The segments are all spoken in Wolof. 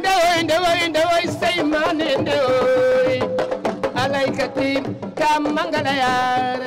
ndewoy ndewoy ndewoy seymane ndewoy alaykatim kam mangala yaare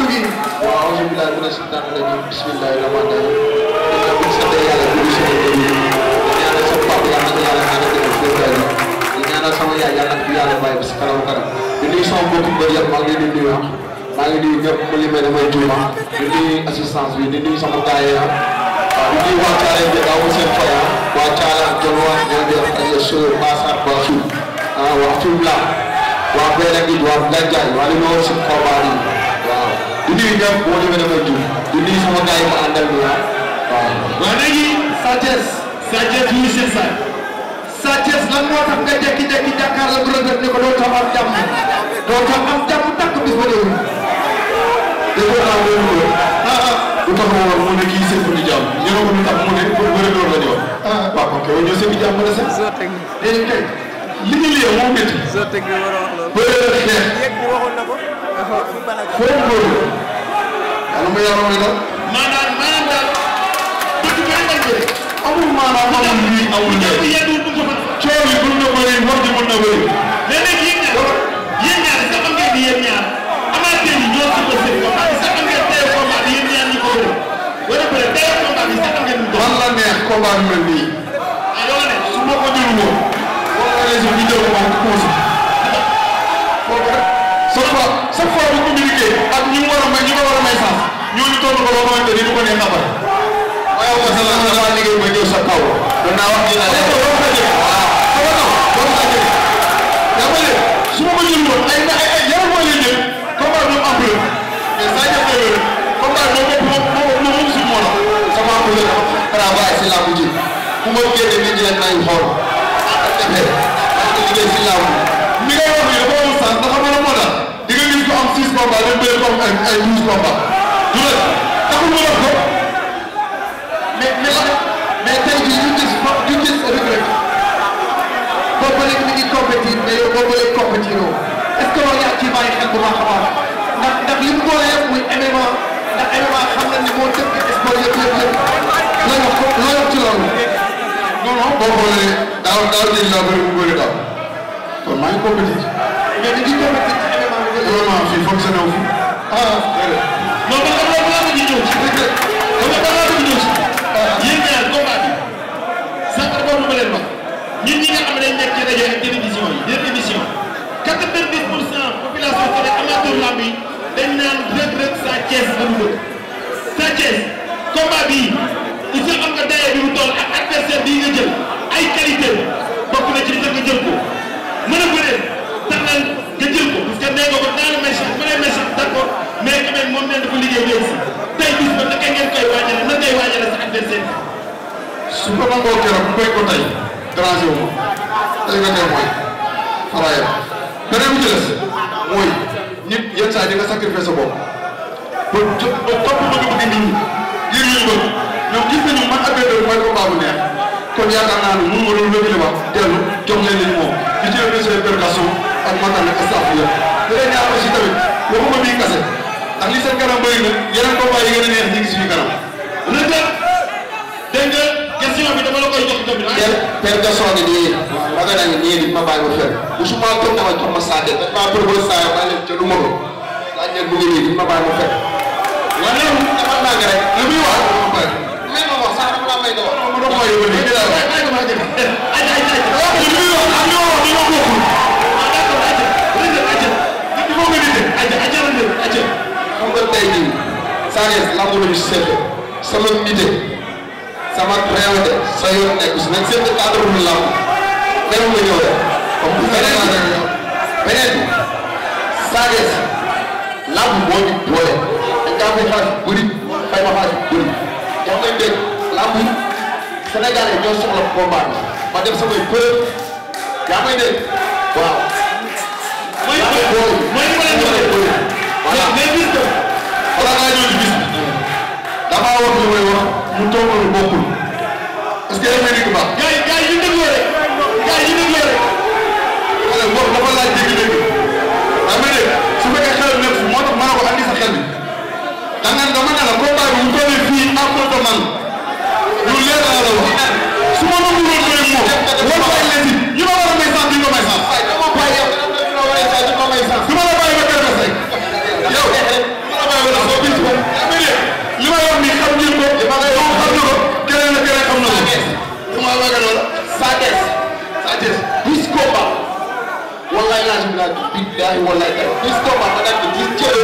waxtu bi waaw auzu billaahi mina shaytaani rajiim bismillaahi rahmaani rahiim buñ sant yàlla julli suñu di ñaanal sama papa yàlla na yàlla xaana def góorgóorlu di ñaanal sama yaay yàlla na yàlla bàyyi ba si kanam kanam di nuyu sama mbokku mbër yëpp maa ngi leen di nuyu maa ngi nuyu ñëpp mu limee damay juuma di nuyu assistance bi di nuyu sama gars yi di nuyu waa Thialé bi daaw seen fay waa Thialé ak Jom waa Ndiaye ak Sër Bassar Bassou waa Fimela waa Bérékit waa Ndanjaay waa li ma war si combat yi di nuyu ñëpp boo demee damay tudd di nuyu sama gars yi ma àndal bi waaw. waaw léegi Sathies. Sathies bu ñu seet sax. Sathies lan moo tax nga jékki-jékki jàkkaarloo bu rëdd ne ko doo tax am jàmm doo tax am jàmm tàkk bis ba déwén. déggoo naa wóor nga woon. ah ah bu tax a woon mu ne kii sëñ bi di jàmm ñu ne ko lu tax mu ne pour bëri loolu la ñu wax. ah waaw kon kay ñoo sëñ bi jàmm la sax. déedéet kay li ñu liyee moo métti. bëri na xeex. foofu loolu. yàlla ma yàlla may la. maanaam maanaam daal bët bu yàlla jëlee. amul maanaam amul lii amul léegi. coow yi mën na bëri wax ji mën na bëri. léeg-léeg yéen ñaar yéen ñaar sax am ngeen di yéen ñaar amateur yi ñoo ci ko seen combat bi sax am ngeen tey combat bi yéen ñaar ñi ko bëri. wala bëri tey combat bi sax am ngeen ko. man la neex combat bi mel nii. ah yow la ne su ma ko jëlu woon. wala région bi jël ko ba mu ko ba mu xamante ni bu ko nee xamal. waaye wu ma sa lan la maa liggéey ba ñëw sa kaw. doon naa wax ni la leen waaw waaw waaw waaw. yaa ngi leen su ma ko jël woon ay na ay yàlla moo leen jël comme daal ñoom amul mais saa ñu koy wér comme daal ñoom ñoom ñoom ñoom ñoom suñu mën a sama amul la travail si laamu ji ku ma génne nit ñi leen nay xool defee parce que liggéey si laamu mi ngay wax nii dafa amul sens dafa mën a mën a di nga gis ko am six combats dem bële ko am ay ay douze combats du la xam nga wax ko mais mais mais tey jii ñu gis ñu gis Reug Reug boobu léegi mi ngi compétir mais yow boobu léegi compétir woo est-ce que war ngaa ci bàyyi xel bu baax a baax ndax ndax li mu boole yëpp muy MMA ndax MMA xam nañ ne moo tënk sport yëpp yëpp yëpp looy wax ko looy wax ci loolu. non non boo xoolee daaw daaw jëli laa bëri bu bëri daaw kon maa ngi compétir. mais dañuy compétir ci MMA bi. vraiment fii fonctionné wu fi ah déedéet. Thiès la mu dëkk Sa Thiès bii il faut am nga dayoo bi mu toll ak adversaire ay qualité bokk na ci li tax nga ko mën a bëre tax na nga jël ko parce que ko dans le méchant bu lay méchant d'accord mais quand même moom nee na ko liggéey bi aussi bis ba naka ngeen koy waajale nan ngay waajale sa adversaire bi. su ko nangoo ko tey dérangé wu ma tey nga koy mooy xalaat yow beneen bi ci des saa yi di nga sacrifier sa ba jo ba topp ba ñu bëgg nit ñi yéen ñu bëgg ñoom gis nañu man ak benn mooy combat bu ma doon wékkale wax dellu jox leen leen moom di ci remercier percussion ak matal ak staff yëpp da leen ñaar aussi tamit waxuma bii kase ak li seen kanam bëri na yeneen a neex ñu ngi suñu kanam rëtëb dégg nga question bi dama la koy jox tamit percussion ngi nii ragal naa ngi nii di ma bàyyi ma fenn musuma toog dama jox ma saa de dañ maa përbël saa yoo ma leen ca du ma ko laaj leen bu ngi nii di ma bàyyi ma fenn waaw léegi mu dafa ndànk rek. li muy wax moom mooy. mais ma wax sax dafa maa may doon. mu doon mooy yóbbu nii. sama nite sama réewte sa yoon nekk su nekk seen cadre bu lamb dem nga ñëw rek comme bu fekkee beneen bi beneen bi Sa Thiès lamb moo ñu boole jàppee xaalis bëri fay ma xaalis bëri wax nga dégg làmb Sénégalais ñoo soxla combat ma dem samay preuve yaa may dégg waaw. mooy mooy mooy mooy voilà balaa ngaa ñëw ci bis damaa wax li may wax ñu toog bokkul est-ce que yéen a ngi baax. gars yi gars yi ñu déglu rek gars yi ñu déglu ntoli fii akoto man lu leer laa la wax su ma la mënoon bëri moom wallaay la ci ñu ma war a may sax di ko may sax dama bàyyi yow dama may sax du ma la bàyyi ba kër ba say yow dama bàyyi ba soo bis ko mais li ma yor nii xam ngeen ko dama lay wax xam na ko keneen ak keneen xam na ko dama bëgg loolu saa des saa des bis ko ba wallaay laa ci bilaay bilaay wallaay bis ko ba da nga gis cër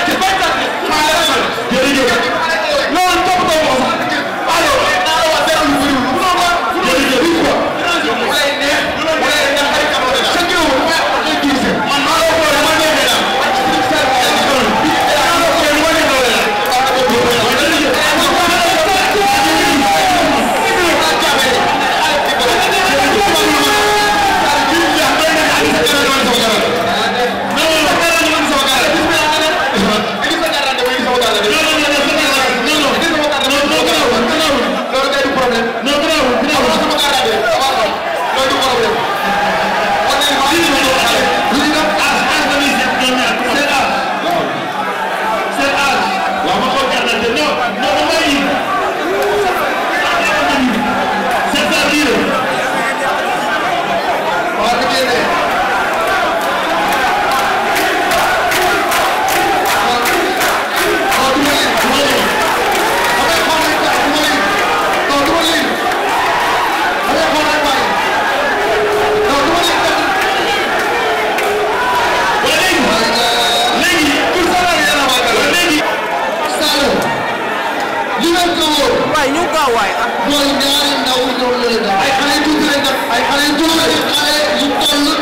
Roger. waaye ñu gaaw waay ah. ñoom ñaari ndaw ñoom ñooy ay xale yu tuuti ay xale yu tuuti ay xale yu toll